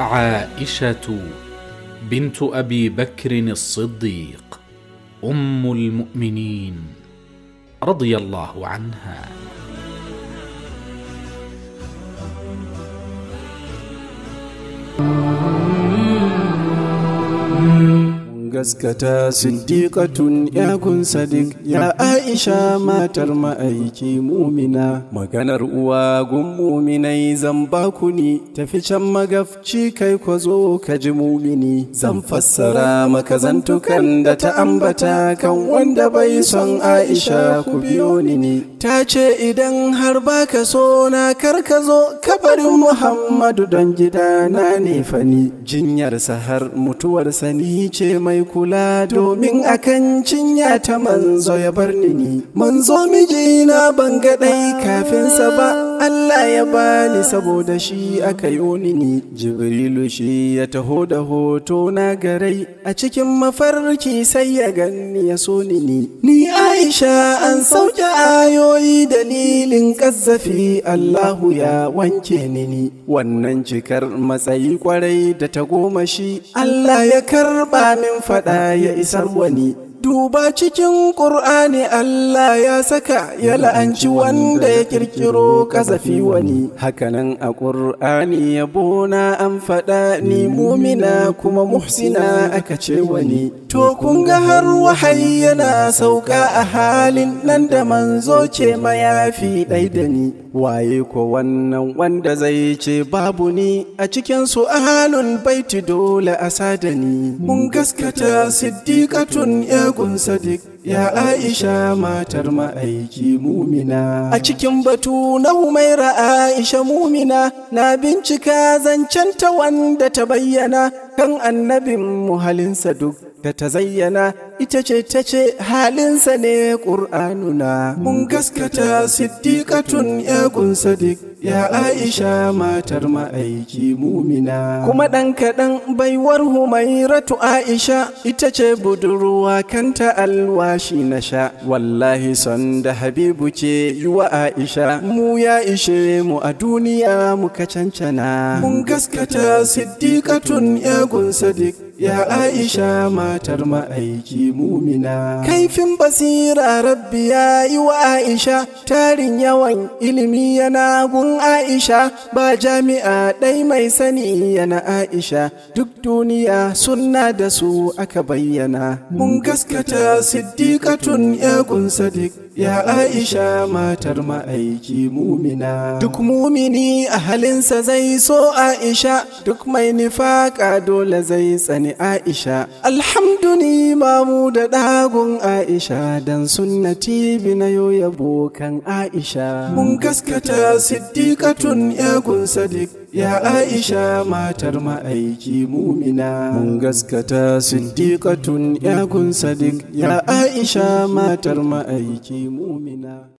عائشه بنت ابي بكر الصديق ام المؤمنين رضي الله عنها gaskata siddiqatun ya kun sadiq ya aisha matar ma'aiki mumina maganar uwa gun muminai zan ba ku ni tafi can magafci kai ko zo ka ji mumini zan fassara maka zantukan da ta ambata kan wanda bai son aisha ku biyo ni ne. ta ce idan har baka so na kar ka zo kabarin muhammadu don gidana ne fani jinyarsa har mutuwarsa ni ce mai kula domin akan cinya ta manzo ya bar ni manzo mijina ban ga ɗai kafinsa ba Allah ya bani saboda shi aka yoni ni Jibrilu shi ya taho da hoto na garai a cikin mafarki sai ya ganni ya so ni ni ni Aisha an sauke ayoyi dalilin kazzafi Allahu ya wanke ni ni wannan cikar matsayi kwarai da ta goma shi Allah ya karba min fara faɗa ya isar wani duba cikin ƙur'ani Allah ya saka ya la'anci wanda ya kirkiro kasafi wani hakanan a ƙur'ani ya bona an faɗa ni mumina kuma muhsina aka ce wani to kun ga har wahayi yana sauka a halin nan da manzo ce mayafi ɗai da ni waye ko wannan wanda zai ce babu ni a cikinsu ahalun baiti dole a sadani mun gaskata siddiƙatun yagun sadiq ya aisha matar ma'aiki mumina a cikin batu na humaira aisha mumina na bincika zancenta wanda ta bayyana kan annabin muhalinsa duk da ta zayyana ita ce ta ce halinsa ne ƙur'anuna. Mun gaskata siddiƙatun yaƙun sadiq ya Aisha matar ma'aiki mumina. Kuma ɗan kaɗan baiwar humairatu Aisha ita ce budurwa kanta alwashi na sha. Wallahi son da Habibu ce yi wa Aisha mu ya ishe mu a duniya muka cancana. Mun gaskata siddiƙatun yaƙun sadiq ya aisha matar ma'aiki mumina kaifin basira rabbi ya yi wa aisha tarin yawan ilimi yana gun aisha ba jami'a ɗai mai sani yana aisha duk duniya sunna da su aka bayyana mun gaskata siddiƙatun ya gun sadiq ya aisha matar ma'aiki mumina duk mumini a halinsa zai so aisha duk mai nifaka dole zai tsani aisha alhamduni mamu da ɗagun aisha dan tibi na yo yabo kan aisha mun gaskata siddiƙatun yagun sadiq ya aisha matar ma'aiki mumina mun gaskata siddiƙatun yagun sadiq ya aisha matar ma'aiki مؤمنا